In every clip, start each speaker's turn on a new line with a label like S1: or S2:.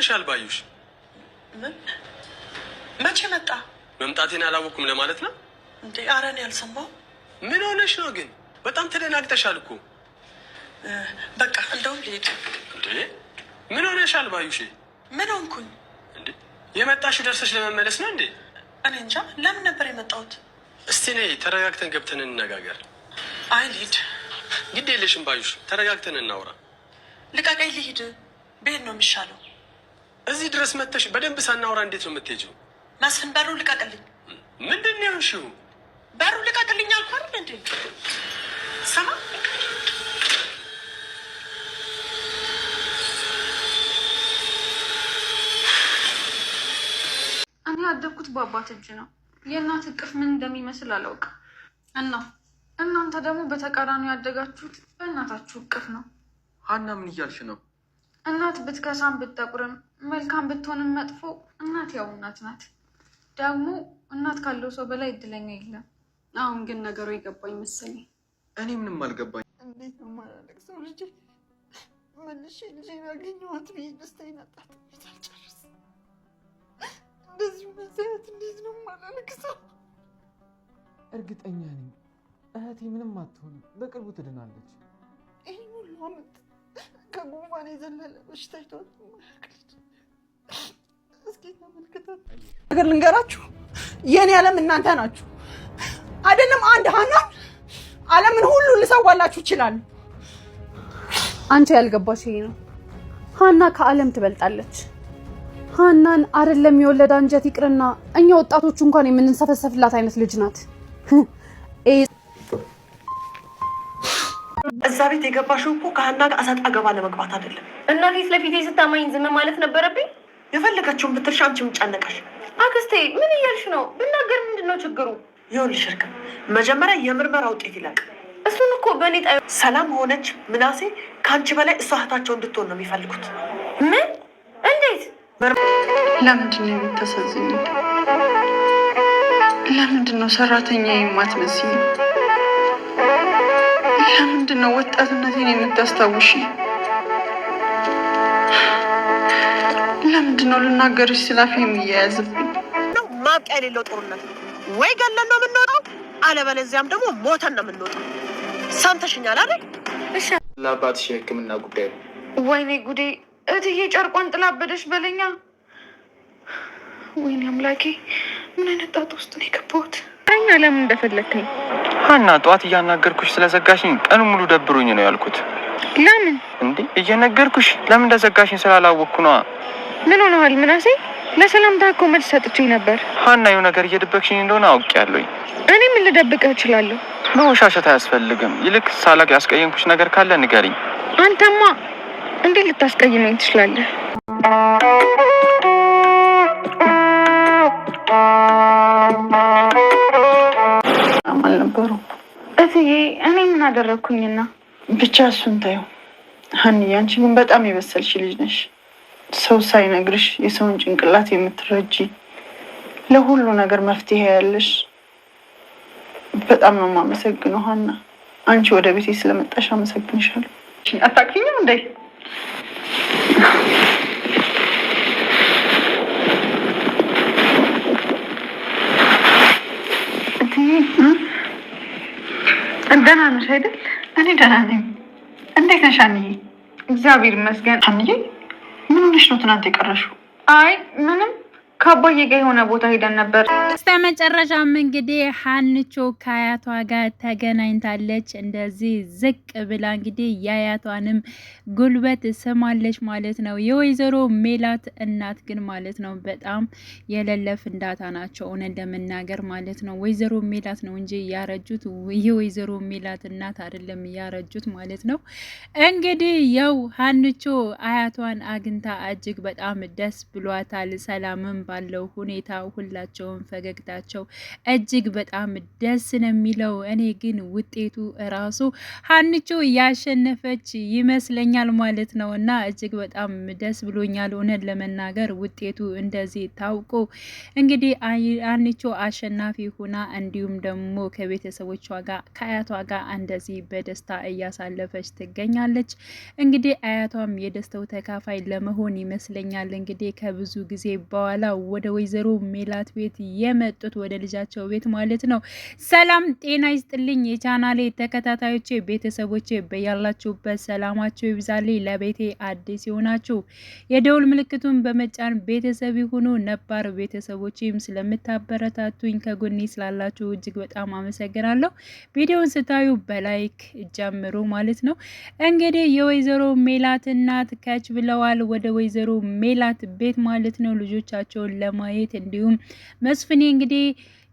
S1: ሆነሻል ባዩሽ? መቼ መጣ? መምጣቴን አላወኩም ለማለት ነው
S2: እንዴ? ኧረ እኔ አልሰማሁም።
S1: ምን ሆነሽ ነው ግን? በጣም ተደናግጠሻል እኮ።
S2: በቃ እንደውም ልሄድ።
S1: ምን ሆነሻል ባዩሽ? ምን ሆንኩኝ እንዴ? የመጣሽው ደርሰሽ ለመመለስ ነው እንዴ?
S2: እኔ እንጃ ለምን ነበር የመጣሁት።
S1: እስቲ ነይ ተረጋግተን ገብተን እንነጋገር። አይ ልሂድ። ግድ የለሽም ባዩሽ፣ ተረጋግተን እናውራ።
S2: ልቀቀኝ ልሂድ። ብሄድ ነው የሚሻለው።
S1: እዚህ ድረስ መተሽ በደንብ ሳናወራ እንዴት ነው የምትሄጂው?
S2: መስፍን በሩ ልቀቅልኝ።
S1: ምንድን ነው ያልሽው?
S2: በሩ ልቀቅልኝ አልኳል። እንዴ ሰማ
S3: እኔ ያደግኩት በአባት እጅ ነው። የእናት እቅፍ ምን እንደሚመስል አላውቅም። እና እናንተ ደግሞ በተቃራኒው ያደጋችሁት በእናታችሁ እቅፍ ነው።
S1: ሀና ምን እያልሽ ነው?
S3: እናት ብትከሳም ብትጠቁርም መልካም ብትሆንም መጥፎ እናት ያው እናት ናት። ደግሞ እናት ካለው ሰው በላይ እድለኛ የለም። አሁን ግን ነገሩ የገባኝ መሰለኝ።
S1: እኔ ምንም አልገባኝ።
S3: እንዴት ነው ማላለቅ ሰው ልጅ መልሽ እንጂ ያገኘዋት ብዬ ደስታ አጣጥቤት አልጨርስ። እንደዚህ መዛያት እንዴት ነው ማላለቅ ሰው።
S4: እርግጠኛ ነኝ እህቴ ምንም አትሆንም፣ በቅርቡ ትድናለች።
S3: ይህ ሁሉ አመት ከጉንፋን የዘለለ በሽታ ይቷል። እስኪ ተመልክታት ነገር ልንገራችሁ፣ የእኔ ዓለም እናንተ ናችሁ። አይደለም አንድ ሀና ዓለምን ሁሉ ልሰዋላችሁ ይችላሉ። አንቺ ያልገባሽ ይሄ ነው። ሀና ከዓለም ትበልጣለች። ሀናን አይደለም የወለደ አንጀት ይቅርና እኛ ወጣቶቹ እንኳን የምንሰፈሰፍላት አይነት ልጅ ናት።
S5: እዛ ቤት የገባሽው እኮ ከሀና ጋር አሳጣ ገባ ለመግባት አይደለም።
S3: እና ፊት ለፊቴ ስታማኝ ዝም ማለት ነበረብኝ?
S5: የፈለገችውን ብትልሽ አንቺ ምጨነቀሽ?
S3: አክስቴ ምን እያልሽ ነው? ብናገር ምንድን ነው ችግሩ?
S5: ይኸውልሽ እርግብ፣ መጀመሪያ የምርመራ ውጤት ይላቅ።
S3: እሱን እኮ በእኔ ጣ
S5: ሰላም ሆነች ምናሴ ከአንቺ በላይ እሷ እህታቸው እንድትሆን ነው የሚፈልጉት።
S3: ምን? እንዴት?
S6: ለምንድን ነው የምታሳዝኝ? ለምንድን ነው ሰራተኛ የማትመስኝ? ለምንድን ነው ወጣትነቴን የምታስታውሽ? ለምንድን ነው ልናገርሽ ስላፊ የሚያያዝብኝ?
S3: ማብቂያ የሌለው ጦርነት ወይ ገለን ነው የምንወጣው፣ አለበለዚያም ደግሞ ሞተን ነው የምንወጣው። ሰምተሽኛል አይደል?
S7: ለአባትሽ የሕክምና ጉዳይ
S3: ወይኔ ጉዴ! እትዬ ጨርቋን ጥላበደሽ በለኛ። ወይኔ አምላኬ! ምን አይነት ጣጣ ውስጥ ነው የገባሁት? ቀኝ ለምን እንደፈለግከኝ
S1: ሀና፣ ጠዋት እያናገርኩሽ ስለዘጋሽኝ ቀን ሙሉ ደብሮኝ ነው ያልኩት። ለምን እንዴ? እየነገርኩሽ ለምን እንደዘጋሽኝ ስላላወቅኩ ነዋ።
S3: ምን ሆነዋል ምናሴ? ለሰላምታ እኮ መልስ ሰጥቼ ነበር።
S1: ሀና፣ የው ነገር እየደበቅሽኝ እንደሆነ አውቄያለሁኝ።
S3: እኔ ምን ልደብቅህ እችላለሁ?
S1: መወሻሸት አያስፈልግም። ይልቅ ሳላቅ ያስቀየምኩሽ ነገር ካለ ንገሪኝ።
S3: አንተማ እንዴት ልታስቀይመኝ ትችላለህ? ነበሩ። እትዬ እኔ ምን አደረግኩኝና?
S8: ብቻ እሱን ታየው። ሀኒዬ አንቺ ግን በጣም የበሰልሽ ልጅ ነሽ። ሰው ሳይነግርሽ የሰውን ጭንቅላት የምትረጂ ለሁሉ ነገር መፍትሄ ያለሽ በጣም ነው የማመሰግነው ሀና። አንቺ ወደ ቤቴ ስለመጣሽ አመሰግንሻለሁ።
S3: አታውቂኝም እንዴ?
S8: ደህና ነሽ አይደል? እኔ ደህና ነኝ። እንዴት ነሽ አንዬ? እግዚአብሔር ይመስገን።
S3: አንዬ ምን ሆነሽ ነው ትናንት የቀረሽው?
S8: አይ ምንም ከአባዬ ጋር የሆነ ቦታ ሄደን ነበር።
S9: እስከ መጨረሻም እንግዲህ ሀንቾ ከአያቷ ጋር ተገናኝታለች። እንደዚህ ዝቅ ብላ እንግዲህ የአያቷንም ጉልበት ስማለች ማለት ነው። የወይዘሮ ሜላት እናት ግን ማለት ነው በጣም የሌለ ፍንዳታ ናቸው፣ እውነት ለመናገር ማለት ነው። ወይዘሮ ሜላት ነው እንጂ ያረጁት የወይዘሮ ሜላት እናት አይደለም ያረጁት ማለት ነው። እንግዲህ ያው ሀንቾ አያቷን አግኝታ እጅግ በጣም ደስ ብሏታል። ሰላምም ባለው ሁኔታ ሁላቸውም ፈገግታቸው እጅግ በጣም ደስ ነው የሚለው። እኔ ግን ውጤቱ ራሱ ሀንቹ ያሸነፈች ይመስለኛል ማለት ነው እና እጅግ በጣም ደስ ብሎኛል እውነት ለመናገር ውጤቱ እንደዚህ ታውቆ እንግዲህ ሀንቾ አሸናፊ ሁና እንዲሁም ደግሞ ከቤተሰቦቿ ጋር ከአያቷ ጋር እንደዚህ በደስታ እያሳለፈች ትገኛለች። እንግዲህ አያቷም የደስታው ተካፋይ ለመሆን ይመስለኛል እንግዲህ ከብዙ ጊዜ በኋላ ወደ ወይዘሮ ሜላት ቤት የመጡት ወደ ልጃቸው ቤት ማለት ነው። ሰላም ጤና ይስጥልኝ የቻናሌ ተከታታዮቼ ቤተሰቦቼ፣ በያላችሁበት ሰላማቸው ይብዛልኝ። ለቤቴ አዲስ የሆናችሁ የደውል ምልክቱን በመጫን ቤተሰብ ይሁኑ። ነባር ቤተሰቦችም ስለምታበረታቱኝ ከጎኔ ስላላችሁ እጅግ በጣም አመሰግናለሁ። ቪዲዮውን ስታዩ በላይክ ጀምሩ ማለት ነው። እንግዲህ የወይዘሮ ሜላት እናት ከች ብለዋል ወደ ወይዘሮ ሜላት ቤት ማለት ነው። ልጆቻቸውን ለማየት እንዲሁም መስፍኔ እንግዲህ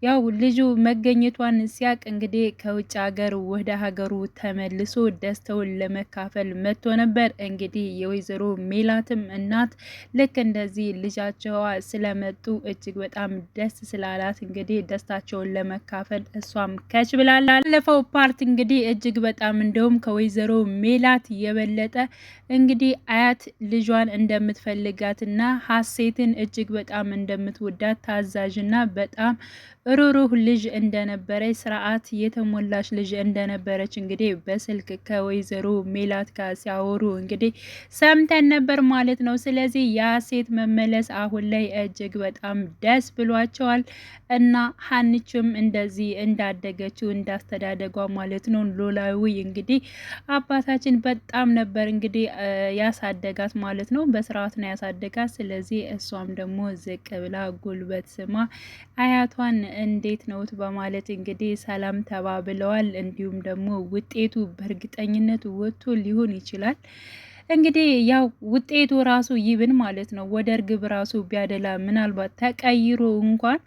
S9: ያው ልጁ መገኘቷን ሲያቅ እንግዲህ ከውጭ ሀገር ወደ ሀገሩ ተመልሶ ደስተውን ለመካፈል መጥቶ ነበር። እንግዲህ የወይዘሮ ሜላትም እናት ልክ እንደዚህ ልጃቸዋ ስለመጡ እጅግ በጣም ደስ ስላላት እንግዲህ ደስታቸውን ለመካፈል እሷም ከች ብላላ። ያለፈው ፓርት እንግዲህ እጅግ በጣም እንደውም ከወይዘሮ ሜላት የበለጠ እንግዲህ አያት ልጇን እንደምትፈልጋትና ሀሴትን እጅግ በጣም እንደምትወዳት ታዛዥና በጣም ሩሩህ ልጅ እንደነበረች ስርዓት የተሞላች ልጅ እንደነበረች እንግዲህ በስልክ ከወይዘሮ ሜላት ጋር ሲያወሩ እንግዲህ ሰምተን ነበር ማለት ነው። ስለዚህ ሴት መመለስ አሁን ላይ እጅግ በጣም ደስ ብሏቸዋል እና ሀንችም እንደዚህ እንዳደገችው እንዳስተዳደጓ ማለት ነው። ኖላዊ እንግዲህ አባታችን በጣም ነበር እንግዲህ ያሳደጋት ማለት ነው። በስርዓት ነው ያሳደጋት። ስለዚህ እሷም ደግሞ ዝቅ ብላ ጉልበት ስማ አያቷን እንዴት ነውት በማለት እንግዲህ ሰላም ተባብለዋል። እንዲሁም ደግሞ ውጤቱ በእርግጠኝነት ወጥቶ ሊሆን ይችላል። እንግዲህ ያው ውጤቱ ራሱ ይብን ማለት ነው። ወደ እርግብ ራሱ ቢያደላ ምናልባት ተቀይሮ እንኳን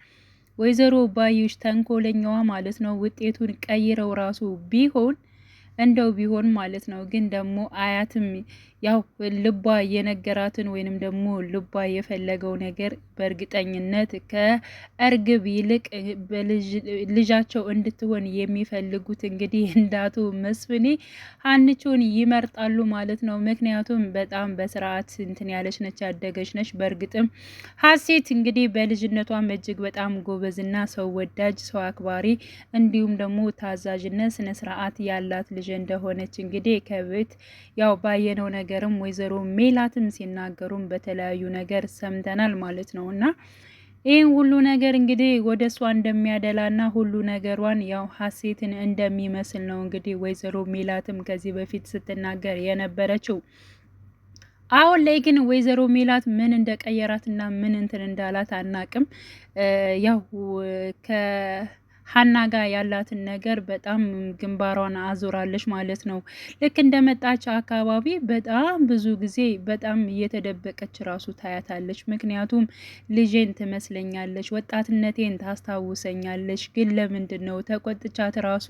S9: ወይዘሮ ባዩሽ ተንኮለኛዋ ማለት ነው ውጤቱን ቀይረው ራሱ ቢሆን እንደው ቢሆን ማለት ነው። ግን ደግሞ አያትም ያው ልቧ የነገራትን ወይንም ደግሞ ልቧ የፈለገው ነገር በእርግጠኝነት ከእርግብ ይልቅ ልጃቸው እንድትሆን የሚፈልጉት እንግዲህ እንዳቱ መስፍኔ ሀንቹን ይመርጣሉ ማለት ነው። ምክንያቱም በጣም በስርዓት እንትን ያለች ነች፣ ያደገች ነች። በእርግጥም ሀሴት እንግዲህ በልጅነቷም እጅግ በጣም ጎበዝና ሰው ወዳጅ፣ ሰው አክባሪ እንዲሁም ደግሞ ታዛዥነት ስነስርዓት ያላት ልጅ እንደሆነች እንግዲህ ከቤት ያው ባየነው ነገርም ወይዘሮ ሜላትም ሲናገሩም በተለያዩ ነገር ሰምተናል ማለት ነው እና ይህን ሁሉ ነገር እንግዲህ ወደ እሷ እንደሚያደላና ሁሉ ነገሯን ያው ሀሴትን እንደሚመስል ነው እንግዲህ ወይዘሮ ሜላትም ከዚህ በፊት ስትናገር የነበረችው። አሁን ላይ ግን ወይዘሮ ሜላት ምን እንደቀየራትና ምን እንትን እንዳላት አናቅም ያው ሀና ጋር ያላትን ነገር በጣም ግንባሯን አዞራለች ማለት ነው። ልክ እንደመጣች አካባቢ በጣም ብዙ ጊዜ በጣም እየተደበቀች ራሱ ታያታለች። ምክንያቱም ልጄን ትመስለኛለች፣ ወጣትነቴን ታስታውሰኛለች። ግን ለምንድን ነው ተቆጥቻት ራሱ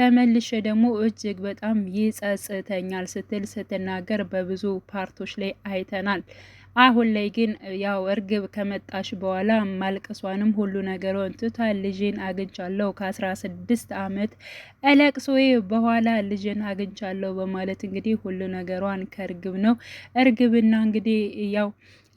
S9: ተመልሼ ደግሞ እጅግ በጣም ይጸጽተኛል ስትል ስትናገር በብዙ ፓርቶች ላይ አይተናል። አሁን ላይ ግን ያው እርግብ ከመጣሽ በኋላ ማልቀሷንም ሁሉ ነገሯን ትታ ልጅን አግኝቻለሁ ከአስራ ስድስት አመት እለቅሶ በኋላ ልጅን አግኝቻለሁ በማለት እንግዲህ ሁሉ ነገሯን ከእርግብ ነው። እርግብና እንግዲህ ያው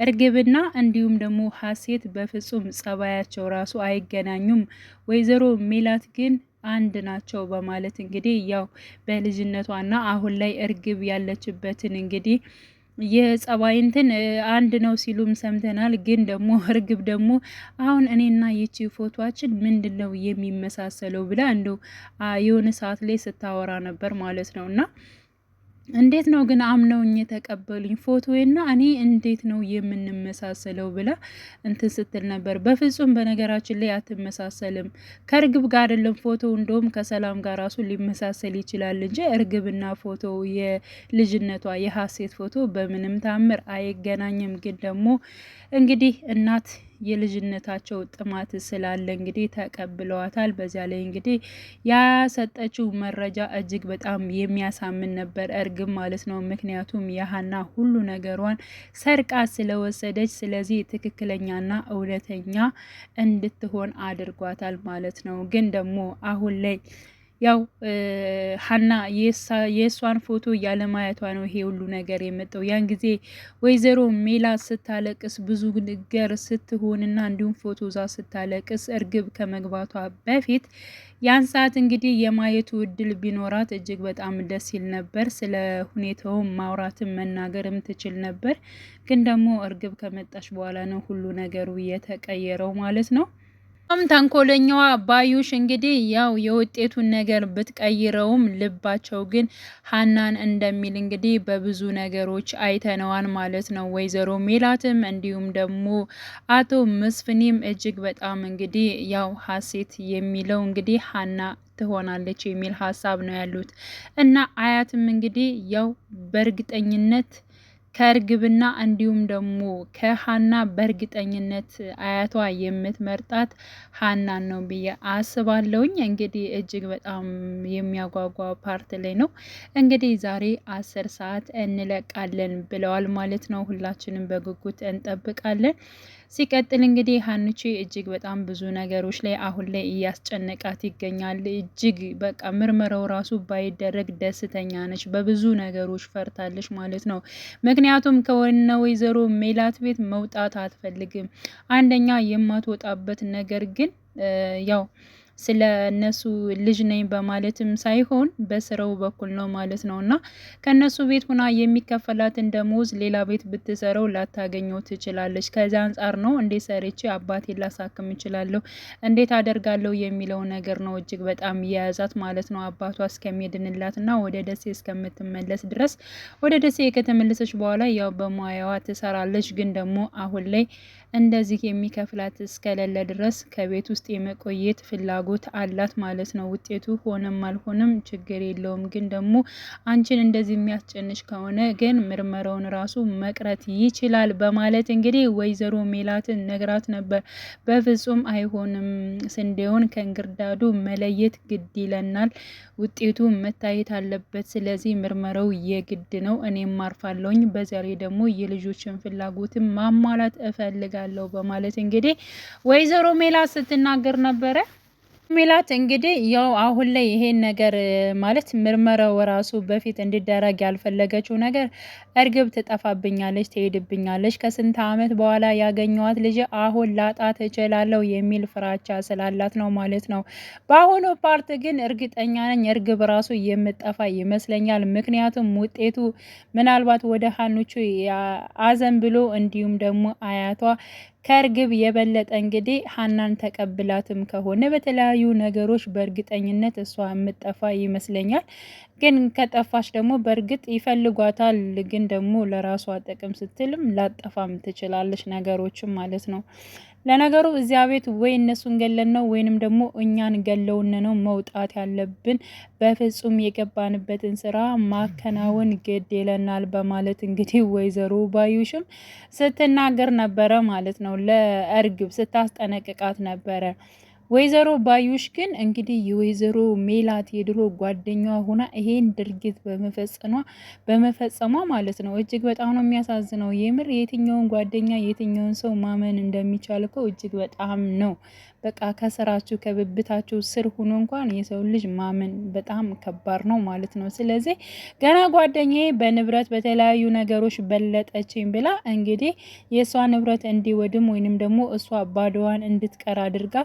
S9: እርግብና እንዲሁም ደግሞ ሀሴት በፍጹም ጸባያቸው ራሱ አይገናኙም። ወይዘሮ ሜላት ግን አንድ ናቸው በማለት እንግዲህ ያው በልጅነቷና አሁን ላይ እርግብ ያለችበትን እንግዲህ የጸባይ እንትን አንድ ነው ሲሉም ሰምተናል። ግን ደግሞ እርግብ ደግሞ አሁን እኔና ይቺ ፎቶችን ምንድን ነው የሚመሳሰለው ብላ እንደው የሆነ ሰዓት ላይ ስታወራ ነበር ማለት ነው እና እንዴት ነው ግን አምነውኝ የተቀበሉኝ ፎቶዬና እኔ እንዴት ነው የምንመሳሰለው ብላ እንትን ስትል ነበር። በፍጹም በነገራችን ላይ አትመሳሰልም። ከእርግብ ጋር አይደለም ፎቶ እንደውም ከሰላም ጋር ራሱ ሊመሳሰል ይችላል እንጂ እርግብና ፎቶ የልጅነቷ የሀሴት ፎቶ በምንም ታምር አይገናኝም። ግን ደግሞ እንግዲህ እናት የልጅነታቸው ጥማት ስላለ እንግዲህ ተቀብለዋታል። በዚያ ላይ እንግዲህ ያሰጠችው መረጃ እጅግ በጣም የሚያሳምን ነበር እርግብ ማለት ነው። ምክንያቱም የሀና ሁሉ ነገሯን ሰርቃ ስለወሰደች፣ ስለዚህ ትክክለኛና እውነተኛ እንድትሆን አድርጓታል ማለት ነው። ግን ደግሞ አሁን ላይ ያው ሀና የእሷን ፎቶ ያለማየቷ ነው ይሄ ሁሉ ነገር የመጣው። ያን ጊዜ ወይዘሮ ሜላ ስታለቅስ ብዙ ነገር ስትሆንና እንዲሁም ፎቶ ዛ ስታለቅስ እርግብ ከመግባቷ በፊት ያን ሰዓት እንግዲህ የማየቱ እድል ቢኖራት እጅግ በጣም ደስ ይል ነበር። ስለ ሁኔታውም ማውራትም መናገርም ትችል ነበር። ግን ደግሞ እርግብ ከመጣች በኋላ ነው ሁሉ ነገሩ የተቀየረው ማለት ነው። ም ተንኮለኛዋ ባዩሽ እንግዲህ ያው የውጤቱን ነገር ብትቀይረውም ልባቸው ግን ሀናን እንደሚል እንግዲህ በብዙ ነገሮች አይተነዋል ማለት ነው። ወይዘሮ ሜላትም እንዲሁም ደግሞ አቶ መስፍኔም እጅግ በጣም እንግዲህ ያው ሀሴት የሚለው እንግዲህ ሀና ትሆናለች የሚል ሀሳብ ነው ያሉት እና አያትም እንግዲህ ያው በእርግጠኝነት ከእርግብና እንዲሁም ደግሞ ከሀና በእርግጠኝነት አያቷ የምትመርጣት ሀናን ነው ብዬ አስባለሁኝ። እንግዲህ እጅግ በጣም የሚያጓጓ ፓርት ላይ ነው። እንግዲህ ዛሬ አስር ሰዓት እንለቃለን ብለዋል ማለት ነው። ሁላችንም በጉጉት እንጠብቃለን። ሲቀጥል እንግዲህ ሀንቺ እጅግ በጣም ብዙ ነገሮች ላይ አሁን ላይ እያስጨነቃት ይገኛል። እጅግ በቃ ምርመራው ራሱ ባይደረግ ደስተኛ ነች። በብዙ ነገሮች ፈርታለች ማለት ነው። ምክንያቱም ከወነ ወይዘሮ ሜላት ቤት መውጣት አትፈልግም። አንደኛ የማትወጣበት ነገር ግን ያው ስለ እነሱ ልጅ ነኝ በማለትም ሳይሆን በስራው በኩል ነው ማለት ነው እና ከእነሱ ቤት ሁና የሚከፈላትን ደሞዝ ሌላ ቤት ብትሰራው ላታገኘው ትችላለች። ከዚ አንጻር ነው እንዴት ሰርቼ አባቴ ላሳክም እችላለሁ፣ እንዴት አደርጋለሁ የሚለው ነገር ነው እጅግ በጣም የያዛት ማለት ነው። አባቷ እስከሚድንላት እና ወደ ደሴ እስከምትመለስ ድረስ ወደ ደሴ ከተመለሰች በኋላ ያው በሙያዋ ትሰራለች። ግን ደግሞ አሁን ላይ እንደዚህ የሚከፍላት እስከሌለ ድረስ ከቤት ውስጥ የመቆየት ፍላጎት አላት ማለት ነው። ውጤቱ ሆነም አልሆነም ችግር የለውም። ግን ደግሞ አንቺን እንደዚህ የሚያስጨንሽ ከሆነ ግን ምርመራውን ራሱ መቅረት ይችላል በማለት እንግዲህ ወይዘሮ ሜላትን ነግራት ነበር። በፍጹም አይሆንም፣ ስንዴውን ከእንግርዳዱ መለየት ግድ ይለናል። ውጤቱ መታየት አለበት። ስለዚህ ምርመራው የግድ ነው። እኔም አርፋለሁኝ። በዛሬ ደግሞ የልጆችን ፍላጎትን ማሟላት እፈልጋል። ያለው በማለት እንግዲህ ወይዘሮ ሜላ ስትናገር ነበረ። ሜላት እንግዲህ ያው አሁን ላይ ይሄን ነገር ማለት ምርመራው ራሱ በፊት እንዲደረግ ያልፈለገችው ነገር እርግብ ትጠፋብኛለች፣ ትሄድብኛለች፣ ከስንት ዓመት በኋላ ያገኘዋት ልጅ አሁን ላጣት እችላለሁ የሚል ፍራቻ ስላላት ነው ማለት ነው። በአሁኑ ፓርት ግን እርግጠኛ ነኝ እርግብ ራሱ የምጠፋ ይመስለኛል። ምክንያቱም ውጤቱ ምናልባት ወደ ሀኖቹ አዘን ብሎ እንዲሁም ደግሞ አያቷ ከእርግብ የበለጠ እንግዲህ ሀናን ተቀብላትም ከሆነ በተለያዩ ነገሮች በእርግጠኝነት እሷ የምጠፋ ይመስለኛል። ግን ከጠፋች ደግሞ በእርግጥ ይፈልጓታል። ግን ደግሞ ለራሷ ጥቅም ስትልም ላጠፋም ትችላለች ነገሮችም ማለት ነው። ለነገሩ እዚያ ቤት ወይ እነሱን ገለን ነው ወይንም ደግሞ እኛን ገለውን ነው መውጣት ያለብን። በፍጹም የገባንበትን ስራ ማከናወን ግድ ይለናል በማለት እንግዲህ ወይዘሮ ባዩሽም ስትናገር ነበረ ማለት ነው። ለእርግብ ስታስጠነቅቃት ነበረ። ወይዘሮ ባዩሽ ግን እንግዲህ የወይዘሮ ሜላት የድሮ ጓደኛ ሆና ይሄን ድርጊት በመፈጸሟ በመፈጸሟ ማለት ነው እጅግ በጣም ነው የሚያሳዝነው። የምር የትኛውን ጓደኛ የትኛውን ሰው ማመን እንደሚቻል እኮ እጅግ በጣም ነው በቃ ከስራችሁ ከብብታችሁ ስር ሁኖ እንኳን የሰው ልጅ ማመን በጣም ከባድ ነው ማለት ነው። ስለዚህ ገና ጓደኛዬ በንብረት በተለያዩ ነገሮች በለጠችኝ ብላ እንግዲህ የእሷ ንብረት እንዲወድም ወይንም ደግሞ እሷ ባዶዋን እንድትቀር አድርጋ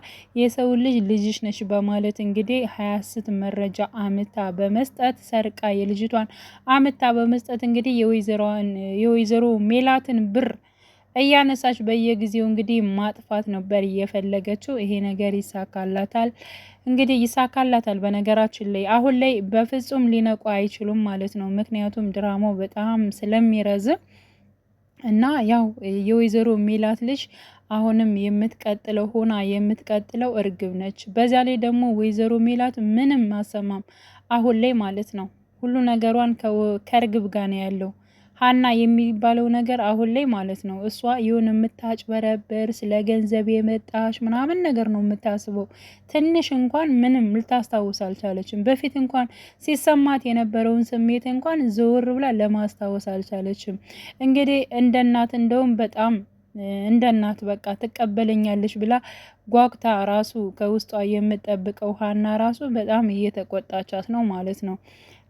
S9: የሰው ልጅ ልጅሽ ነች በማለት እንግዲህ ሀያስት መረጃ አምታ በመስጠት ሰርቃ የልጅቷን አምታ በመስጠት እንግዲህ የወይዘሮ ሜላትን ብር እያነሳች በየጊዜው እንግዲህ ማጥፋት ነበር እየፈለገችው። ይሄ ነገር ይሳካላታል እንግዲህ ይሳካላታል። በነገራችን ላይ አሁን ላይ በፍጹም ሊነቁ አይችሉም ማለት ነው። ምክንያቱም ድራማው በጣም ስለሚረዝም እና ያው የወይዘሮ ሚላት ልጅ አሁንም የምትቀጥለው ሆና የምትቀጥለው እርግብ ነች። በዚያ ላይ ደግሞ ወይዘሮ ሚላት ምንም አሰማም አሁን ላይ ማለት ነው። ሁሉ ነገሯን ከእርግብ ጋር ነው ያለው። ሀና የሚባለው ነገር አሁን ላይ ማለት ነው እሷ ይሁን የምታጭበረበር ስለ ገንዘብ የመጣሽ ምናምን ነገር ነው የምታስበው። ትንሽ እንኳን ምንም ልታስታውስ አልቻለችም። በፊት እንኳን ሲሰማት የነበረውን ስሜት እንኳን ዘወር ብላ ለማስታወስ አልቻለችም። እንግዲህ እንደ እናት እንደውም በጣም እንደ እናት በቃ ትቀበለኛለች ብላ ጓጉታ ራሱ ከውስጧ የምጠብቀው ሀና ራሱ በጣም እየተቆጣቻት ነው ማለት ነው።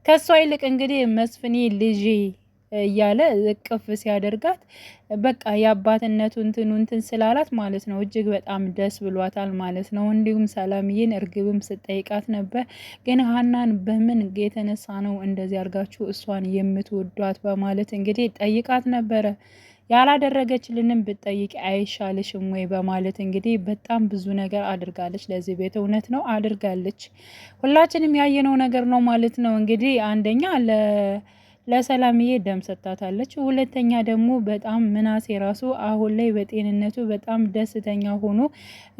S9: ከእሷ ይልቅ እንግዲህ መስፍኔ ልጄ እያለ እቅፍ ሲያደርጋት በቃ የአባትነቱ እንትኑ እንትን ስላላት ማለት ነው እጅግ በጣም ደስ ብሏታል ማለት ነው። እንዲሁም ሰላምዬን እርግብም ስጠይቃት ነበር። ግን ሀናን በምን የተነሳ ነው እንደዚህ አድርጋችሁ እሷን የምትወዷት በማለት እንግዲህ ጠይቃት ነበረ። ያላደረገችልንም ብትጠይቅ አይሻልሽም ወይ በማለት እንግዲህ በጣም ብዙ ነገር አድርጋለች። ለዚህ ቤት እውነት ነው አድርጋለች። ሁላችንም ያየነው ነገር ነው ማለት ነው እንግዲህ አንደኛ ለሰላምዬ ደም ሰጥታታለች። ሁለተኛ ደግሞ በጣም ምናሴ ራሱ አሁን ላይ በጤንነቱ በጣም ደስተኛ ሆኖ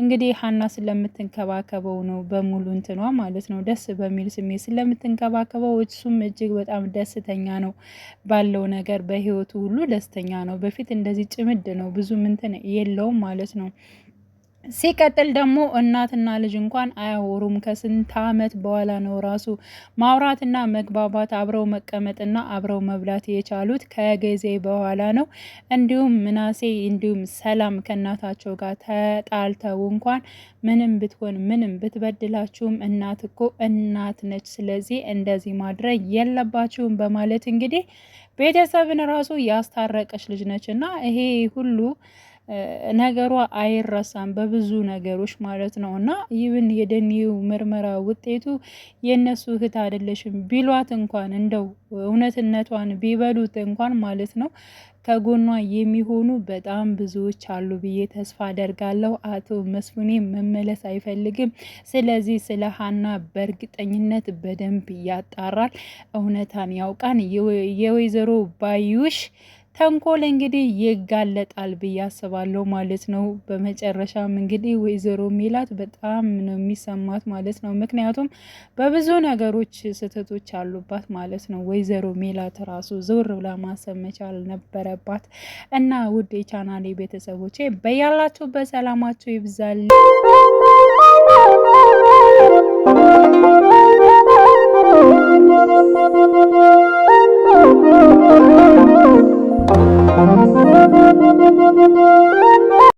S9: እንግዲህ ሀና ስለምትንከባከበው ነው በሙሉ እንትኗ ማለት ነው ደስ በሚል ስሜት ስለምትንከባከበው እሱም እጅግ በጣም ደስተኛ ነው። ባለው ነገር በህይወቱ ሁሉ ደስተኛ ነው። በፊት እንደዚህ ጭምድ ነው ብዙ ምንትን የለውም ማለት ነው። ሲቀጥል ደግሞ እናትና ልጅ እንኳን አያወሩም። ከስንት አመት በኋላ ነው ራሱ ማውራትና መግባባት አብረው መቀመጥና አብረው መብላት የቻሉት ከጊዜ በኋላ ነው። እንዲሁም ምናሴ እንዲሁም ሰላም ከእናታቸው ጋር ተጣልተው እንኳን ምንም ብትሆን ምንም ብትበድላችሁም እናት እኮ እናት ነች፣ ስለዚህ እንደዚህ ማድረግ የለባችሁም በማለት እንግዲህ ቤተሰብን ራሱ ያስታረቀች ልጅ ነች እና ይሄ ሁሉ ነገሯ አይረሳም በብዙ ነገሮች ማለት ነው። እና ይህን የደኒው ምርመራ ውጤቱ የእነሱ እህት አይደለሽም ቢሏት እንኳን እንደው እውነትነቷን ቢበሉት እንኳን ማለት ነው ከጎኗ የሚሆኑ በጣም ብዙዎች አሉ ብዬ ተስፋ አደርጋለሁ። አቶ መስፍኔ መመለስ አይፈልግም። ስለዚህ ስለ ሀና በእርግጠኝነት በደንብ ያጣራል፣ እውነታን ያውቃል። የወይዘሮ ባዩሽ ተንኮል እንግዲህ ይጋለጣል ብዬ አስባለሁ ማለት ነው። በመጨረሻም እንግዲህ ወይዘሮ ሜላት በጣም ነው የሚሰማት ማለት ነው። ምክንያቱም በብዙ ነገሮች ስህተቶች አሉባት ማለት ነው። ወይዘሮ ሜላት ራሱ ዞር ብላ ማሰብ መቻል ነበረባት እና ውድ የቻናሌ ቤተሰቦች በያላችሁበት ሰላማችሁ ይብዛል። Thank you.